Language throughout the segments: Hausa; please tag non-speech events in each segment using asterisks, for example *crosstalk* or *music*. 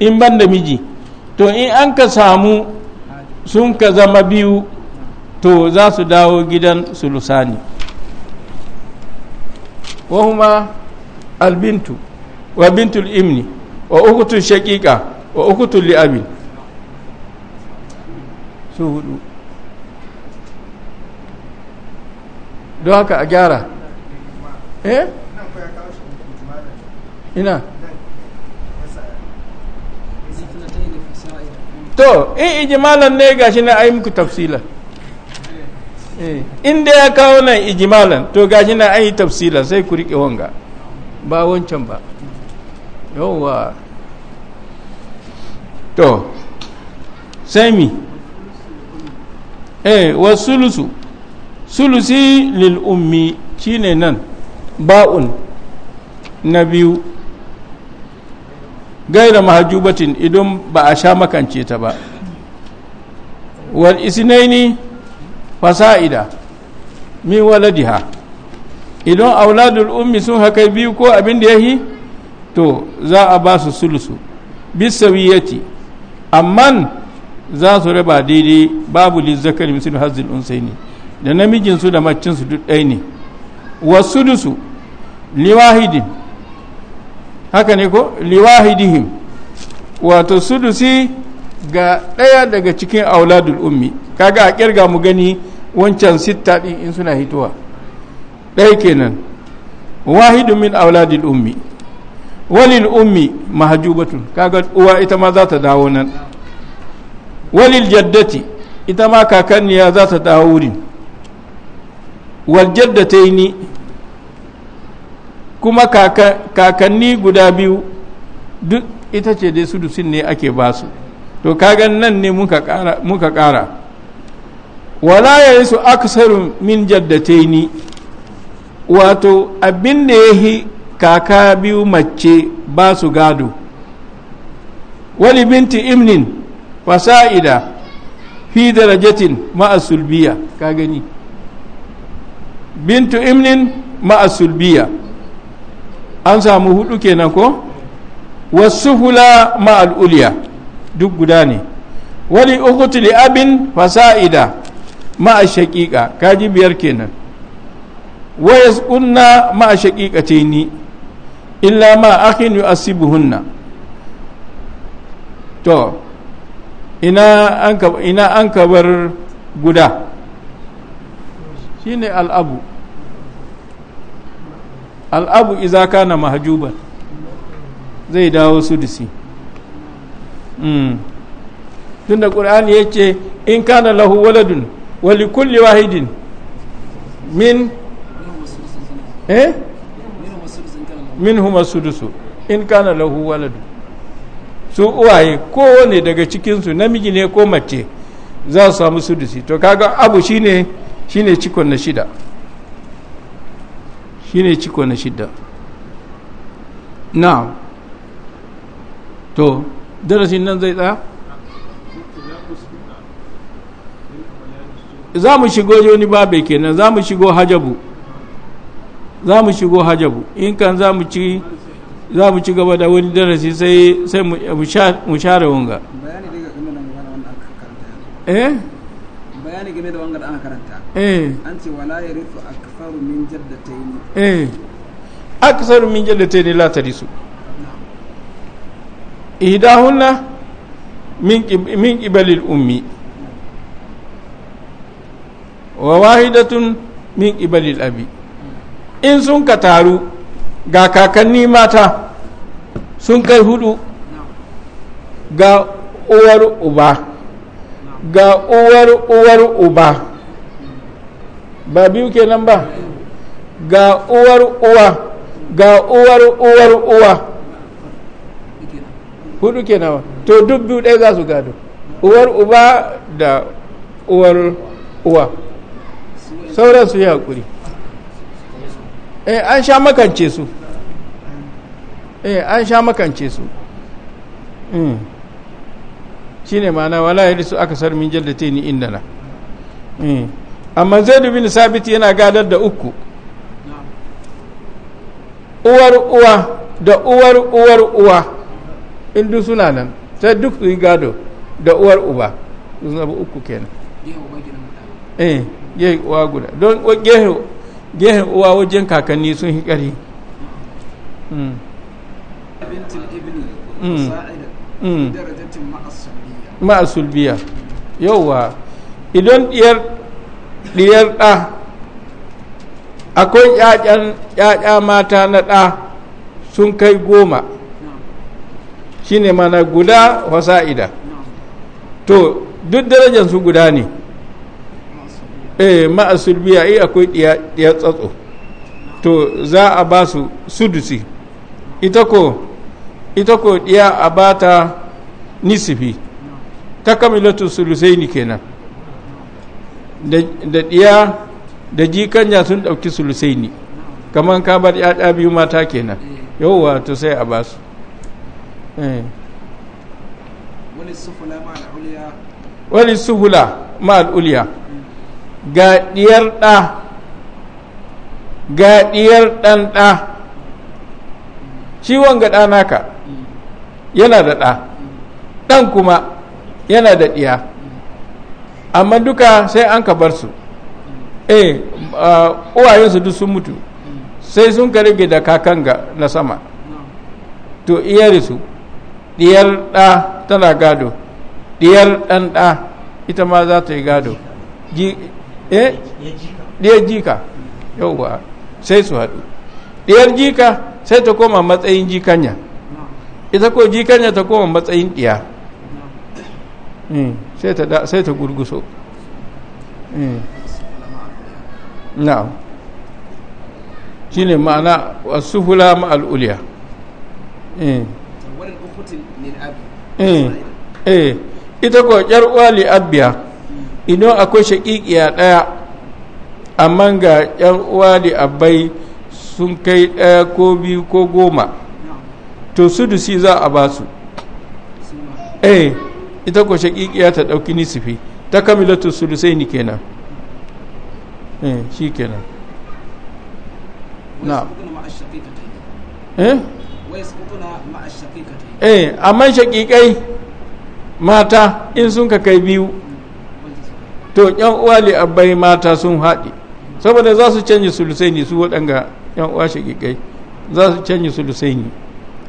in ban da miji to in an ka samu sun ka zama biyu to za su dawo gidan sulusani wahuma albintu wa bintul imni wa ukutun shaƙiƙa wa ukutun li'abin su hudu don haka a gyara eh ina to in ijimalan ne gashi na ai muku tafsila eh, in da ya kawo nan ijimalan to gashi na ai tafsila sai ku riƙe wanga ba wancan ba yawwa to sai mi eh wa sulusu sulusi lil ummi shine nan ba'un na biyu gaira mahajubatin idan ba a sha makance ta ba wal isnaini fasa'ida min waladiha idan auladul ummi sun haka biyu ko abin da yahi to za a ba su sulusu bisawiyati amman za su raba daidai babu lizzakari hazil unsaini da namijinsu da macinsu duk ɗaya ne wasu dusu liwahidin haka ne ko liwahidihim wato sudusi ga ɗaya daga cikin auladul ummi kaga a kirga mu gani wancan sitta ɗin in suna hituwa. ɗaya kenan wahidu min auladul ummi walil ummi mahajubatun kaga uwa ita ma za ta dawo nan walil jaddati ita ma kakanniya za ta dawo wurin wal jaddataini kuma kakanni guda biyu duk ita ce dai su ne ake ba su to kagan nan ne muka kara wala ya yi su aksarun min ni wato abin da ya yi kaka biyu mace ba su gado wani binti imnin fasa'ida fi darajatin ma'asulbiya ka gani bintu imnin ma'asulbiya an samu hudu kenan ko wasu hula ma'al'uliya duk guda ne wani ukutu li abin fasa'ida ma'a shaƙiƙa kaji biyar kenan waya kunna ma'a shaƙiƙa ce ni illa ma akin yu asibuhunna to ina an kabar guda shine al'abu al'abu iza kana mahajuban zai dawo sudusi tun da ƙur'ani hmm. ya ce in kana lahu waladun wali kulli wahidin min eh min huma sudusu in kana lahu waladun su uwaye kowane daga cikinsu namiji ne ko mace za su samu sudusi to kaga abu shine shine cikon na shida shine ciko na shidda na to darasin nan zai tsaya za mu shigo wani babe kenan za mu shigo hajabu za mu shigo hajabu in kan za mu ci za mu ci gaba da wani darasi sai sai mu share wanga bayani daga game da wanda aka karanta eh bayani game da wanga da aka karanta eh an ce wala yarithu ak akasaru min jaddataini eh aksaru min jaddataini la tarisu ihdahunna min min qibali ummi wa wahidatun min qibali abi in sun ka taru ga kakanni mata sun kai hudu ga uwar uba ga uwar uwar uba ba biyu kenan ba ga uwar uwa ga uwar uwar uwa hudu kenan ba to duk biyu ɗaya za su gado uwar uba da uwar uwa sauran su yi haƙuri eh, an sha makance su eh, an sha makance su hmm. shine ma'ana wala yadda su aka sarmin min jallate ni indana amma zaidu bin sabiti yana gadar da uku uwar uwa da uwar uwar uwa in suna nan sai duk su yi gado da uwar uba su zama uku kenan eh gehe uwa guda don gehe uwa wajen kakanni sun yi ƙari hmm. hmm. hmm. ma'a sulbiya yauwa idan diyar ɗiyar ɗa akwai ‘ya'ya mata na ɗa sun kai goma shi ne mana guda wasa'ida to duk su guda ne eh, ma'asulbiya eh akwai ɗiyar tsatso to za a ba su sudusi ita ko ita ko ɗiya a ba ta nisifi ta kamilatu sulusaini kenan da ɗiya da jikanya sun ɗauki sulusai ne kamar bar ya biyu mata kenan yauwa to sai a basu eh. wani suhula ma'al'uliya ga ɗiyar ɗa ga ɗiyar ɗan ɗa ciwon ga ɗa naka mm. yana da ɗa ɗan kuma yana da ɗiya amma duka sai an ka bar su eh uwayensu duk sun mutu sai sun ka rage da kakanga na sama to iyarisu diyar da tana gado diyar dan da ita ma za ta yi gado eh diyar jika yauwa sai su haɗu diyar jika sai ta koma matsayin jikanya ita ko jikanya ta koma matsayin diya sai ta gurguso na'am shine ma'ana as-sufula ma'al'uliya ita ko yar wali abiya idan akwai shaƙiƙiya daya amma ga yar uwa abai sun kai daya ko biyu ko goma to sudusi za a ba su eh ita ko shaƙiƙiya ta ɗauki nisifi ta kamilatu sulusaini kenan eh shi kenan eh? na eh amma shaƙiƙai mata in sun ka kai biyu to yan uwa li abai mata sun haɗi saboda za su canji sulusaini su waɗanga yan uwa shaƙiƙai za su canji sulusaini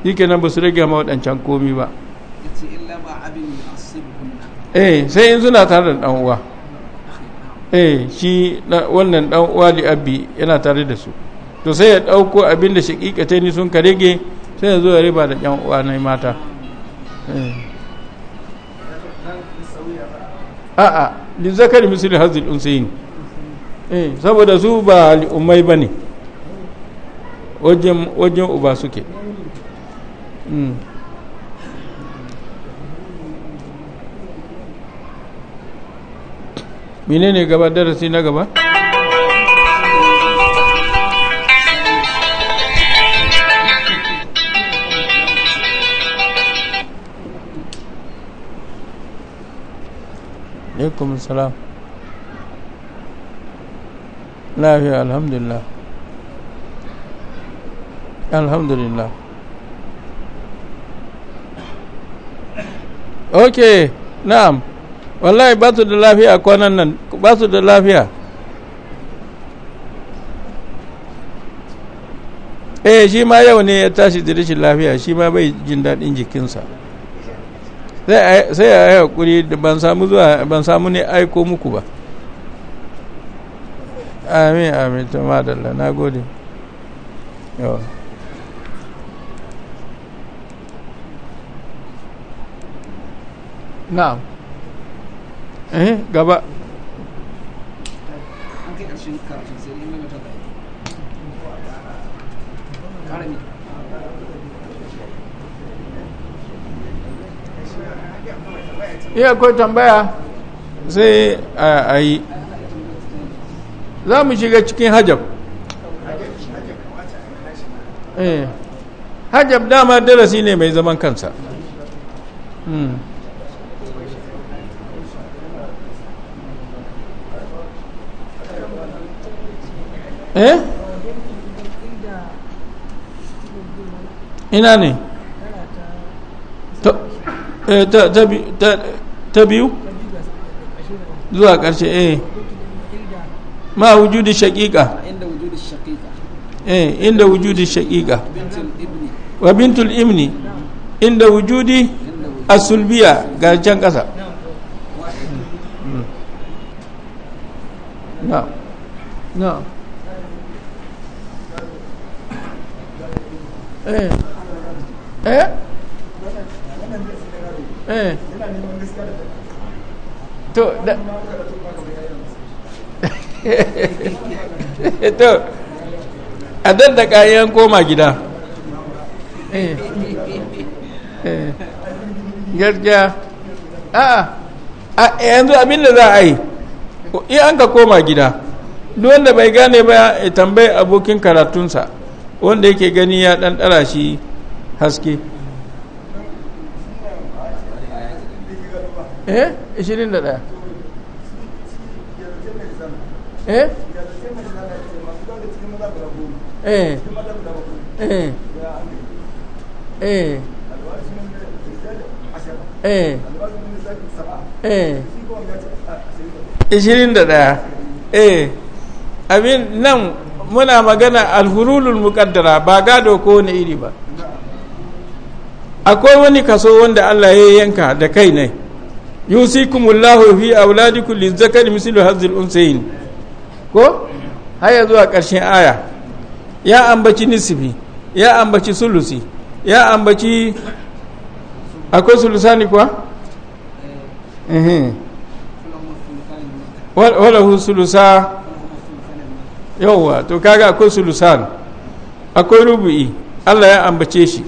shi kenan ba su rage ma waɗancan komi ba eh sai in suna tare da dan uwa eh shi wannan dan uwa li abi yana tare da su to sai ya dauko abin da shaqiqate ni sun ka rage sai ya zo ya riba da yan uwa na mata eh a li zakari misli hazil unsayin eh saboda su ba li ummai bane wajen wajen uba suke mm menene gaba darasi na gaba alaikum salam lafiya alhamdulillah alhamdulillah okay na'am wallahi ba su da lafiya kwanan nan ba su da lafiya eh shi ma yau ne ya tashi da rashin lafiya shi ma bai jin daɗin jikinsa sai a yi haƙuri da ban samu zuwa ban samu ne aiko muku ba amin amin ta madalla na gode yawa na'am eh gaba iya ko tambaya sai a yi za mu shiga cikin hajjab eh. hajjab dama darasi ne mai zaman kansa hmm. eh ina ne eh, ta biyu zuwa ƙarshe eh ma wujudi shakika eh inda wujudi shakika wa bintul imni inda wujudi asulbiya ga can ƙasa hmm. na no. Eh. Eh? Eh. *laughs* to a dan da kayan koma gida gaskiya a yanzu abin da za a yi in an ka koma gida duk wanda bai gane ba ya tambayi abokin karatunsa wanda yake gani ya ɗanɗana dara shi haske eh 21 eh eh eh eh eh eh eh eh eh eh muna magana alhululul muqaddara ba gado ko wani iri ba akwai wani kaso wanda Allah ya yanka da kai ne yusikumullahu fi auladikum lizakari mislu hazil unsayin ko haya zuwa ƙarshen aya ya ambaci nisfi ya ambaci sulusi ya ambaci akwai sulusani kuwa wala sulusa yawwa to kaga akwai sulusan akwai rubu'i Allah ya ambace shi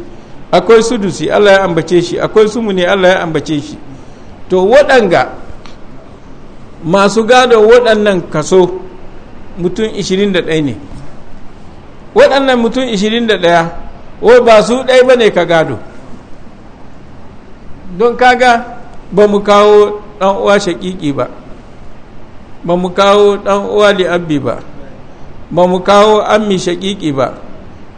akwai sudusi Allah ya ambace shi akwai sumuni Allah ya ambace shi to waɗanga masu gado waɗannan kaso mutum 21 ne waɗannan mutum 21 wai ba su ɗai ba ne ka gado don kaga ba mu kawo ɗan uwa shaƙiƙi ba ba mu kawo ɗan uwa li'abbi ba ba mu kawo mi shaƙiƙi ba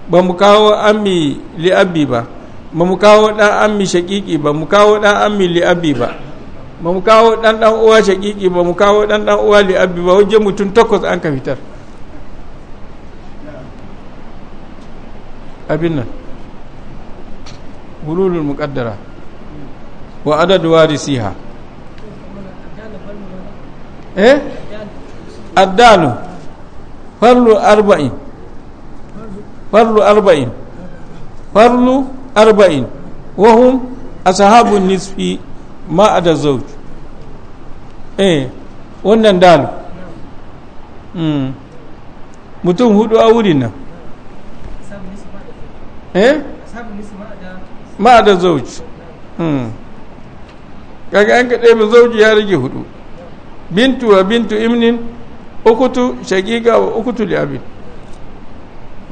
ba mu kawo mi li'abbi ba ba mu kawo ɗan mi shaƙiƙi ba mu kawo ɗan mi li'abbi ba ba mu kawo ɗan ɗan uwa shaƙiƙi ba mu kawo ɗan ɗan uwa li'abbi ba wajen mutum takwas an ka fitar abin nan hululul muƙaddara wa adadu warisiha eh addalu farlu arba'in farlu arba'in farlu arba'in wahum ashabun nisfi ma da zauj eh wannan dalu hmm. mutum hudu a wurin nan eh ma da zauj hmm. kaga an ka ɗaya zauji ya rage hudu bintu wa bintu imnin ukutu shagiga wa ukutu li'abin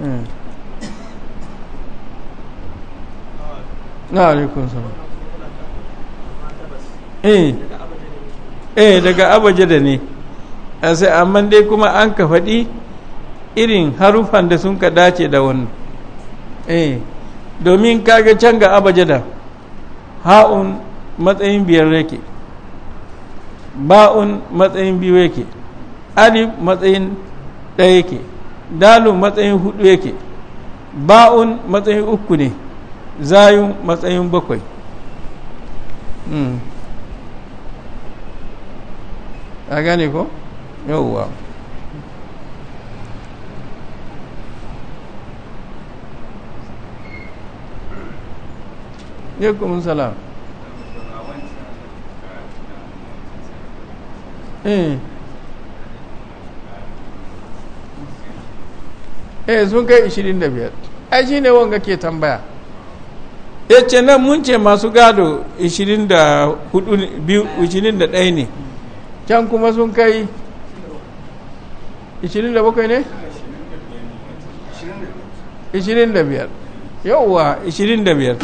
hmm. na alaikun sama eh. eh daga da ne eh, sai amma dai kuma an ka faɗi irin harufan da sun ka dace da wannan eh domin kaga can ga da ha'un matsayin biyar yake ba'un matsayin biyu yake alif matsayin ɗaya yake dalu matsayin hudu yake ba'un matsayin uku ne zayun matsayin bakwai hmm. a gane ko yauwa alaikum salam eh eh sun kai 25 ai shi ne wanga ke tambaya ya ce nan mun ce masu gado 21 ne can kuma sun kai 27 ne 25 yauwa 25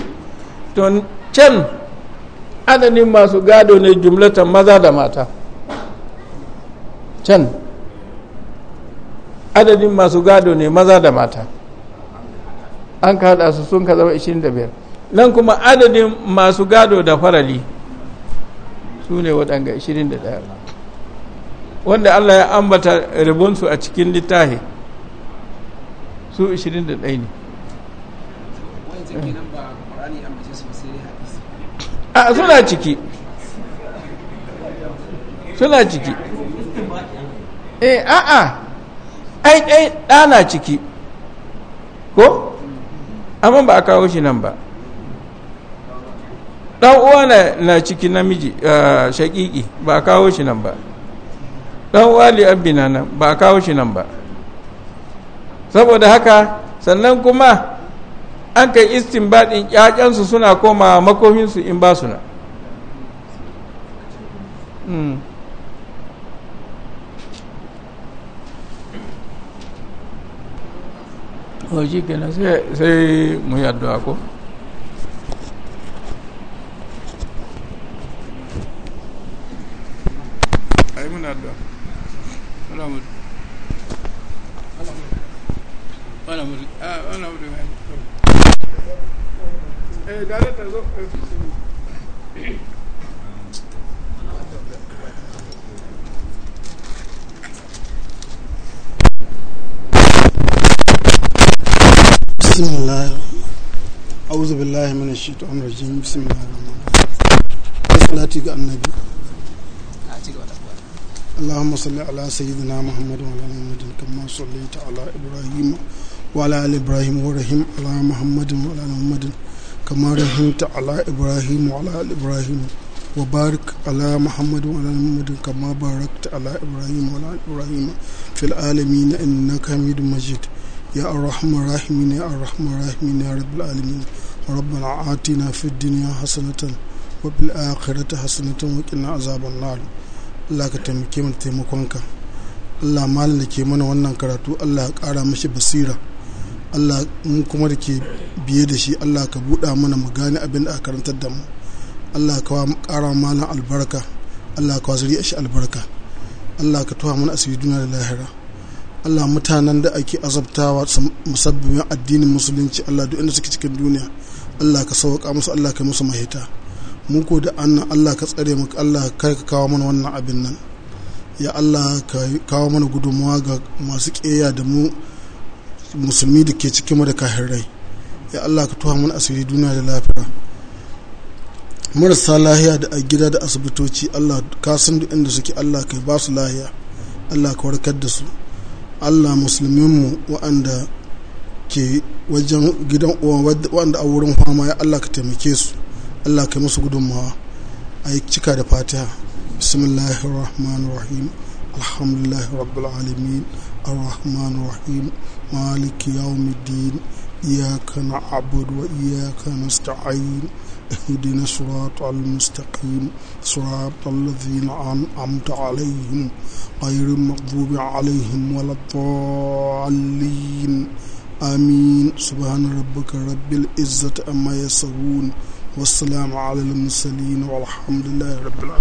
to can adadin masu gado ne jumlatan maza da mata can adadin masu gado ne maza da mata an ka su sun ka zama 25 nan kuma adadin masu gado da farali su ne waɗanga 21 wanda Allah ya ambata ribonsu a cikin littahi su 21 ne a suna ciki suna ciki eh a'a ai ɗai ɗana ciki ko amma ba a kawo shi nan ba ɗan uwa na ciki namiji shaƙiƙi ba a kawo shi nan ba ɗan uwa li'abbi na nan ba a kawo shi nan ba saboda haka sannan kuma an kai istin baɗin ƴaƴansu suna koma makominsu in ba su na hmm. o ji kenan sai mu yi addu'a ko بسم الله أعوذ بالله من الشيطان الرجيم بسم الله الرحمن الرحيم صلاة النبي اللهم صل على سيدنا محمد وعلى آل محمد كما صليت على إبراهيم وعلى آل إبراهيم ورحم على محمد وعلى آل محمد كما رحمت على إبراهيم وعلى آل إبراهيم وبارك على محمد وعلى محمد كما باركت على إبراهيم وعلى آل إبراهيم في العالمين إنك حميد مجيد يا الرحمن الرحيم يا na الرحيم يا رب العالمين ربنا آتنا في الدنيا حسنة وفي الآخرة حسنة وقنا عذاب النار Allah ka taimake mu taimakonka Allah malin da ke mana wannan karatu Allah ya ƙara mashi basira Allah mun kuma da ke biye da shi Allah ka buɗa mana mu gane abin da aka karantar da mu Allah ka ƙara malin albarka Allah ka wasuri mana asiri duniya da lahira Allah mutanen da ake azabtawa musabbibin addinin musulunci Allah duk inda suke cikin duniya Allah ka sauka musu Allah ka musu mahita mun ko da annan Allah ka tsare mu Allah kar ka kawo mana wannan abin nan ya Allah ka kawo mana gudunmawa ga masu ƙeya da mu musulmi da ke cikin da rai ya Allah ka tuha mana asiri duniya da lafiya marasa lahiya da a gida da asibitoci Allah ka san duk inda suke Allah ka ba su lahiya Allah ka warkar da su allah musulminmu waɗanda ke wajen gidan waɗanda a wurin fama ya allah ka taimake su allah ka musu gudunmawa a yi cika da fatiha bismillahir rahmanir rahim alhamdulillahi rabbil alamin arrahmanir rahim maliki yawmiddin iyyaka na'budu wa iyyaka nasta'in اهدنا الصراط المستقيم صراط الذين أنعمت عليهم غير المغضوب عليهم ولا الضالين آمين سبحان ربك رب العزة أما يصفون والسلام على المرسلين والحمد لله رب العالمين